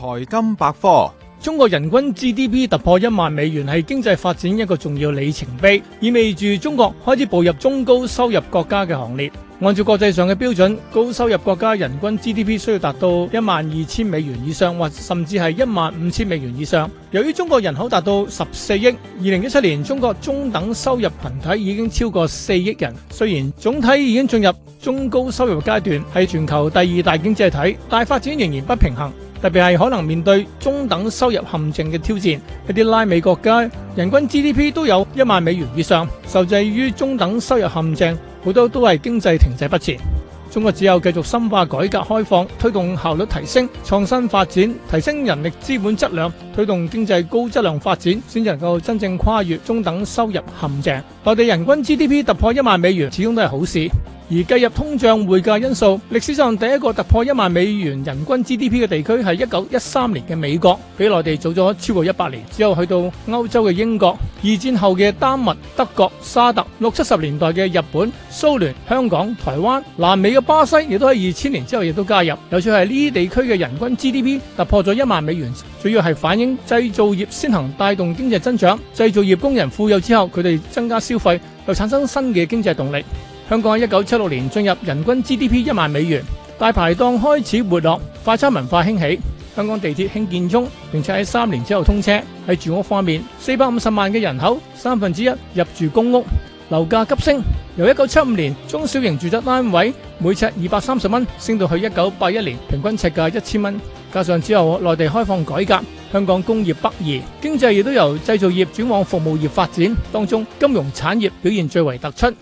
財金百科：中國人均 GDP 突破一萬美元係經濟發展一個重要里程碑，意味住中國開始步入中高收入國家嘅行列。按照國際上嘅標準，高收入國家人均 GDP 需要達到一萬二千美元以上，或甚至係一萬五千美元以上。由於中國人口達到十四億，二零一七年中國中等收入群體已經超過四億人。雖然總體已經進入中高收入階段，係全球第二大經濟體，但發展仍然不平衡。特別係可能面對，中等收入陷阱嘅挑戰，一啲拉美國家人均 GDP 都有一萬美元以上，受制於中等收入陷阱，好多都係經濟停滯不前。中國只有繼續深化改革開放，推動效率提升、創新發展，提升人力資本質量，推動經濟高質量發展，先至能夠真正跨越中等收入陷阱。內地人均 GDP 突破一萬美元，始終都係好事。而計入通脹匯價因素，歷史上第一個突破一萬美元人均 GDP 嘅地區係一九一三年嘅美國，比內地早咗超過一百年。之後去到歐洲嘅英國、二戰後嘅丹麥、德國、沙特，六七十年代嘅日本、蘇聯、香港、台灣、南美嘅巴西，亦都喺二千年之後亦都加入。尤其係呢啲地區嘅人均 GDP 突破咗一萬美元，主要係反映製造業先行帶動經濟增長，製造業工人富有之後，佢哋增加消費，又產生新嘅經濟動力。香港喺一九七六年進入人均 GDP 一萬美元，大排檔開始活絡，快餐文化興起。香港地鐵興建中，並且喺三年之後通車。喺住屋方面，四百五十萬嘅人口三分之一入住公屋，樓價急升，由一九七五年中小型住宅單位每尺二百三十蚊升到去一九八一年平均尺價一千蚊。加上之後內地開放改革，香港工業北移，經濟亦都由製造業轉往服務業發展，當中金融產業表現最為突出。